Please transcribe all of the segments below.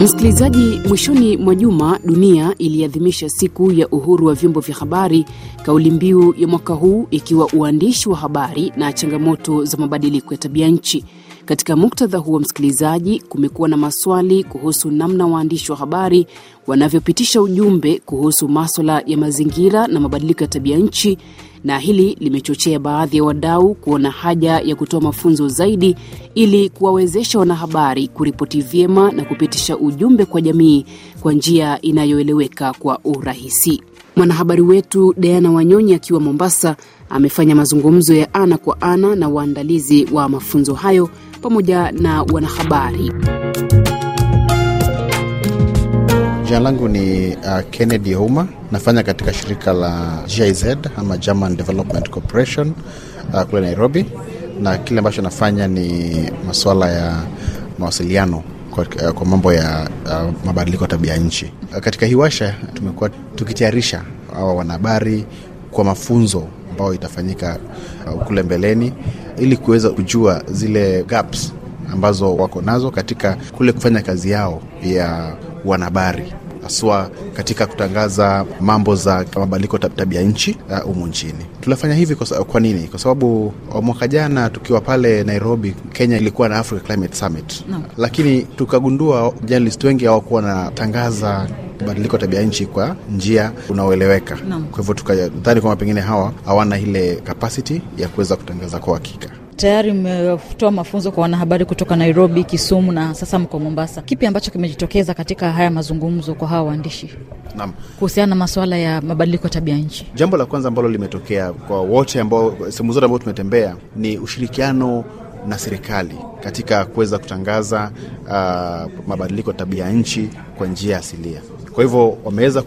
Msikilizaji, mwishoni mwa juma dunia iliadhimisha siku ya uhuru wa vyombo vya habari, kauli mbiu ya mwaka huu ikiwa uandishi wa habari na changamoto za mabadiliko ya tabia nchi. Katika muktadha huo, msikilizaji, kumekuwa na maswali kuhusu namna waandishi wa habari wanavyopitisha ujumbe kuhusu maswala ya mazingira na mabadiliko ya tabia nchi, na hili limechochea baadhi ya wadau kuona haja ya kutoa mafunzo zaidi ili kuwawezesha wanahabari kuripoti vyema na kupitisha ujumbe kwa jamii kwa njia inayoeleweka kwa urahisi. Mwanahabari wetu Diana Wanyonyi akiwa Mombasa amefanya mazungumzo ya ana kwa ana na waandalizi wa mafunzo hayo pamoja na wanahabari. Jina langu ni uh, Kennedy Ouma. Nafanya katika shirika la GIZ ama German Development Corporation uh, kule Nairobi, na kile ambacho nafanya ni masuala ya mawasiliano kwa, eh, kwa mambo ya uh, mabadiliko ya tabia nchi. Katika Hiwasha tumekuwa tukitayarisha awa wanahabari kwa mafunzo ambayo itafanyika uh, kule mbeleni ili kuweza kujua zile gaps ambazo wako nazo katika kule kufanya kazi yao ya wanahabari haswa katika kutangaza mambo za mabadiliko tabia nchi uh, humu nchini. Tunafanya hivi kwa, kwa nini? Kwa sababu uh, mwaka jana tukiwa pale Nairobi, Kenya ilikuwa na Africa Climate Summit no. Lakini tukagundua journalist wengi hawakuwa wanatangaza mabadiliko tabia nchi kwa njia unaoeleweka no. Kwa hivyo tukadhani kwamba pengine hawa hawana ile kapasiti ya kuweza kutangaza kwa uhakika Tayari mmetoa mafunzo kwa wanahabari kutoka Nairobi, Kisumu na sasa mko Mombasa. Kipi ambacho kimejitokeza katika haya mazungumzo kwa hawa waandishi kuhusiana na masuala ya mabadiliko ya tabia nchi? Jambo la kwanza ambalo limetokea kwa wote ambao, sehemu zote ambao tumetembea ni ushirikiano na serikali katika kuweza kutangaza uh, mabadiliko ya tabia nchi kwa njia asilia. Kwa hivyo wameweza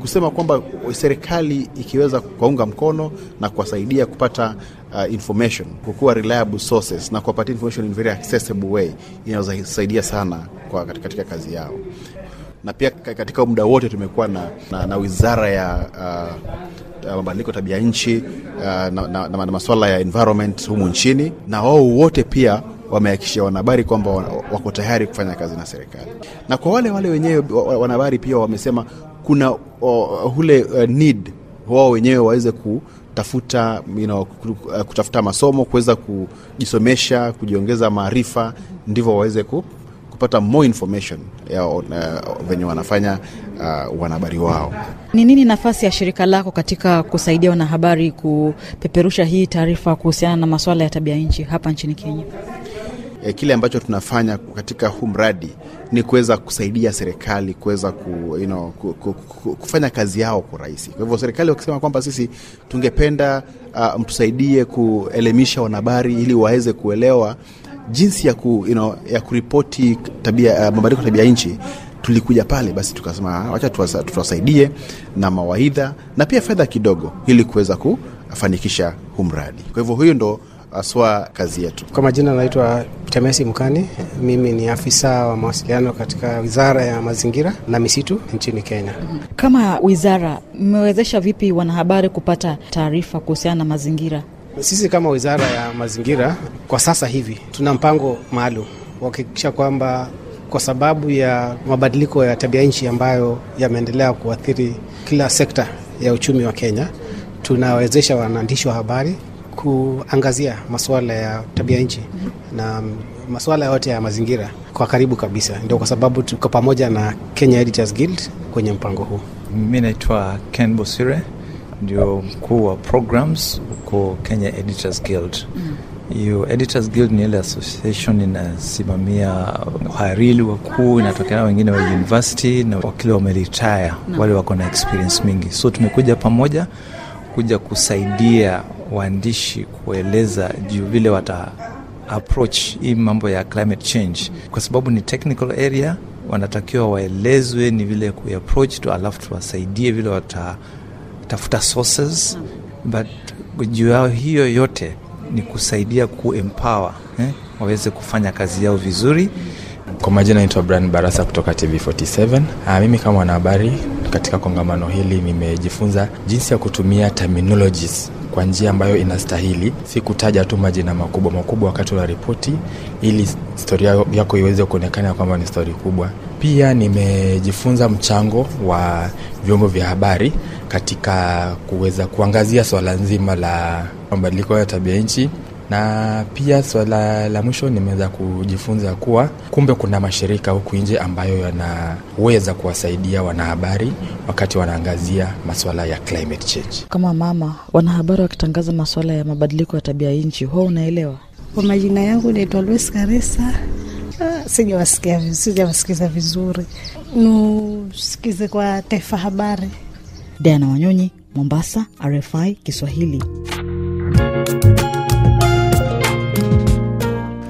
kusema kwamba serikali ikiweza kuwaunga mkono na kuwasaidia kupata uh, information kukuwa reliable sources na kuwapatia information in very accessible way inaweza sana kwa katika, katika kazi yao na pia katika muda wote tumekuwa na, na, na wizara ya uh, mabadiliko tabia nchi uh, na, na, na, na masuala ya environment humu nchini, na wao wote pia wamehakikishia wanahabari kwamba wako tayari kufanya kazi na serikali, na kwa wale wale wenyewe wanahabari pia wamesema kuna uh, ule uh, eh, need wao wenyewe waweze ku tafuta you know, eh, kutafuta masomo kuweza kujisomesha, kujiongeza maarifa, ndivyo waweze ku, kupata more information ya uh, eh, venye wanafanya uh, wanahabari wao. Ni nini nafasi ya shirika lako katika kusaidia wanahabari kupeperusha hii taarifa kuhusiana na masuala ya tabia nchi hapa nchini Kenya? eh, kile ambacho tunafanya katika huu mradi ni kuweza kusaidia serikali kuweza ku, you know, ku, ku, ku, kufanya kazi yao kwa urahisi. Kwa hivyo serikali wakisema kwamba sisi tungependa uh, mtusaidie kuelimisha wanahabari ili waweze kuelewa jinsi ya, ku, you know, ya kuripoti tabia uh, mabadiliko ya tabia nchi tulikuja pale basi tukasema ah, wacha tuwasaidie na mawaidha na pia fedha kidogo ili kuweza kufanikisha huu mradi. Kwa hivyo huyu ndo haswa kazi yetu. Kwa majina naitwa Temesi Mkani, mimi ni afisa wa mawasiliano katika wizara ya mazingira na misitu nchini Kenya. Kama wizara, mmewezesha vipi wanahabari kupata taarifa kuhusiana na mazingira? Sisi kama wizara ya mazingira kwa sasa hivi tuna mpango maalum kuhakikisha kwamba kwa sababu ya mabadiliko ya tabia nchi ambayo yameendelea kuathiri kila sekta ya uchumi wa Kenya, tunawezesha wanaandishi wa habari kuangazia masuala ya tabia nchi mhm. na masuala yote ya mazingira kwa karibu kabisa. Ndio kwa sababu tuko pamoja na Kenya Editors Guild kwenye mpango huu. Mi naitwa Ken Bosire, ndio mkuu wa programs huko Kenya Editors Guild. Mhm. Hiyo Editors Guild ni ile association inasimamia wahariri wakuu, inatokea wengine wa university na wakili wameretire, wale wako na experience mingi, so tumekuja pamoja kuja kusaidia waandishi kueleza juu vile wata approach hii mambo ya climate change, kwa sababu ni technical area, wanatakiwa waelezwe ni vile kuapproach tu, alafu tuwasaidie vile watatafuta sources, but juu yao hiyo yote ni kusaidia kuempower eh, waweze kufanya kazi yao vizuri. Kwa majina naitwa bran Barasa kutoka TV47. Ah, mimi kama mwanahabari katika kongamano hili nimejifunza jinsi ya kutumia terminologies kwa njia ambayo inastahili, si kutaja tu majina makubwa makubwa wakati una ripoti, ili stori yako iweze kuonekana kwamba ni stori kubwa. Pia nimejifunza mchango wa vyombo vya habari katika kuweza kuangazia swala nzima la mabadiliko ya tabia nchi na pia swala la mwisho nimeweza kujifunza kuwa kumbe kuna mashirika huku nje ambayo yanaweza kuwasaidia wanahabari wakati wanaangazia maswala ya climate change. Kama mama wanahabari wakitangaza maswala ya mabadiliko ya tabia nchi, huwa unaelewa? Kwa majina yangu naitwa Luis Karesa. Ah, sijawasikia, sijawasikiza vizuri, nusikize kwa Taifa Habari. Diana Wanyonyi, Mombasa, RFI Kiswahili.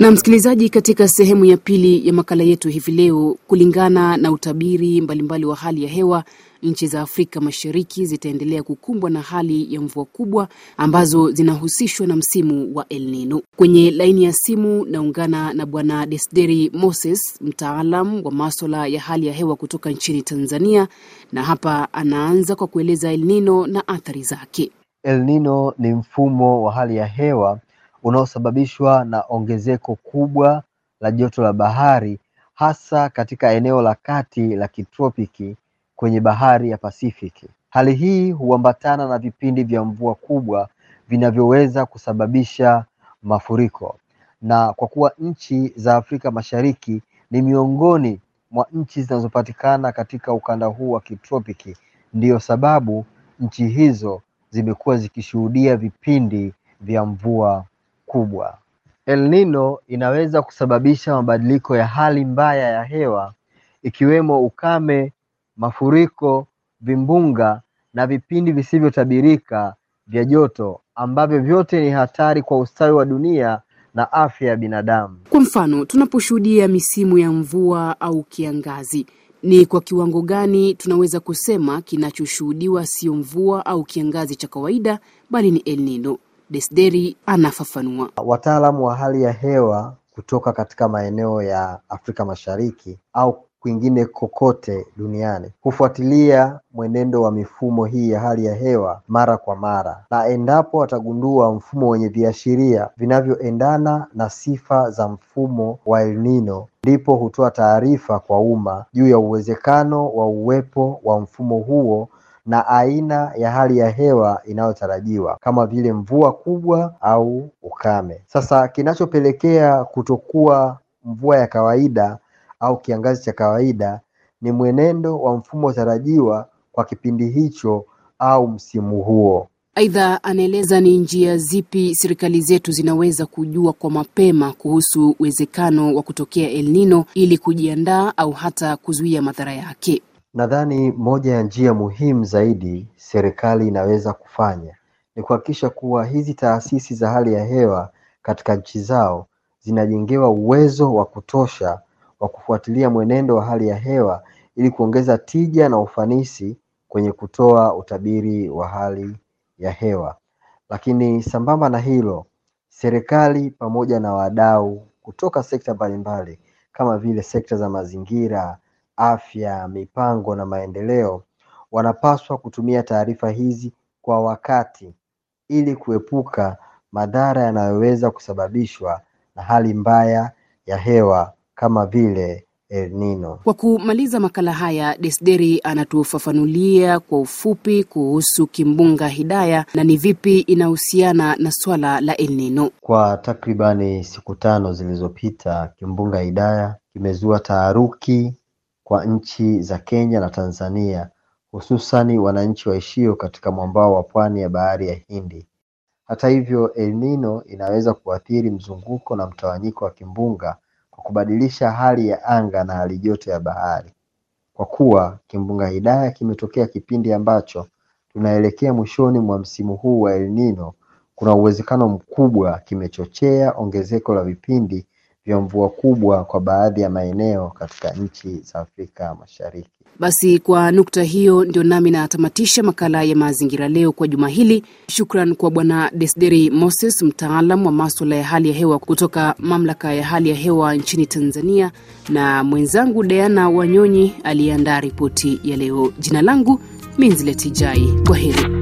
Na msikilizaji, katika sehemu ya pili ya makala yetu hivi leo, kulingana na utabiri mbalimbali mbali wa hali ya hewa, nchi za Afrika Mashariki zitaendelea kukumbwa na hali ya mvua kubwa ambazo zinahusishwa na msimu wa elnino Kwenye laini ya simu naungana na Bwana Desderi Moses, mtaalam wa maswala ya hali ya hewa kutoka nchini Tanzania, na hapa anaanza kwa kueleza elnino na athari zake. elnino ni mfumo wa hali ya hewa unaosababishwa na ongezeko kubwa la joto la bahari hasa katika eneo la kati la kitropiki kwenye bahari ya Pasifiki. Hali hii huambatana na vipindi vya mvua kubwa vinavyoweza kusababisha mafuriko. Na kwa kuwa nchi za Afrika Mashariki ni miongoni mwa nchi zinazopatikana katika ukanda huu wa kitropiki, ndiyo sababu nchi hizo zimekuwa zikishuhudia vipindi vya mvua kubwa. El Nino inaweza kusababisha mabadiliko ya hali mbaya ya hewa ikiwemo ukame, mafuriko, vimbunga na vipindi visivyotabirika vya joto ambavyo vyote ni hatari kwa ustawi wa dunia na afya ya binadamu. Kwa mfano, tunaposhuhudia misimu ya mvua au kiangazi, ni kwa kiwango gani tunaweza kusema kinachoshuhudiwa sio mvua au kiangazi cha kawaida bali ni El Nino? Desderi anafafanua. Wataalamu wa hali ya hewa kutoka katika maeneo ya Afrika Mashariki au kwingine kokote duniani hufuatilia mwenendo wa mifumo hii ya hali ya hewa mara kwa mara, na endapo watagundua mfumo wenye viashiria vinavyoendana na sifa za mfumo wa El Nino, ndipo hutoa taarifa kwa umma juu ya uwezekano wa uwepo wa mfumo huo na aina ya hali ya hewa inayotarajiwa kama vile mvua kubwa au ukame. Sasa kinachopelekea kutokuwa mvua ya kawaida au kiangazi cha kawaida ni mwenendo wa mfumo tarajiwa kwa kipindi hicho au msimu huo. Aidha, anaeleza ni njia zipi serikali zetu zinaweza kujua kwa mapema kuhusu uwezekano wa kutokea El Nino ili kujiandaa au hata kuzuia madhara yake. Nadhani moja ya njia muhimu zaidi serikali inaweza kufanya ni kuhakikisha kuwa hizi taasisi za hali ya hewa katika nchi zao zinajengewa uwezo wa kutosha wa kufuatilia mwenendo wa hali ya hewa ili kuongeza tija na ufanisi kwenye kutoa utabiri wa hali ya hewa. Lakini sambamba na hilo, serikali pamoja na wadau kutoka sekta mbalimbali kama vile sekta za mazingira afya, mipango na maendeleo wanapaswa kutumia taarifa hizi kwa wakati ili kuepuka madhara yanayoweza kusababishwa na hali mbaya ya hewa kama vile El Nino. Kwa kumaliza makala haya, Desderi anatufafanulia kwa ufupi kuhusu kimbunga Hidaya na ni vipi inahusiana na swala la El Nino. Kwa takribani siku tano zilizopita, kimbunga Hidaya kimezua taharuki kwa nchi za Kenya na Tanzania hususani wananchi waishio katika mwambao wa pwani ya Bahari ya Hindi. Hata hivyo, El Nino inaweza kuathiri mzunguko na mtawanyiko wa kimbunga kwa kubadilisha hali ya anga na hali joto ya bahari. Kwa kuwa kimbunga Hidaya kimetokea kipindi ambacho tunaelekea mwishoni mwa msimu huu wa El Nino, kuna uwezekano mkubwa kimechochea ongezeko la vipindi vya mvua kubwa kwa baadhi ya maeneo katika nchi za Afrika Mashariki. Basi kwa nukta hiyo ndio nami natamatisha makala ya mazingira leo kwa juma hili. Shukran kwa Bwana Desderi Moses, mtaalam wa maswala ya hali ya hewa kutoka mamlaka ya hali ya hewa nchini Tanzania, na mwenzangu Diana Wanyonyi aliyeandaa ripoti ya leo. Jina langu Minzletijai, kwa heri.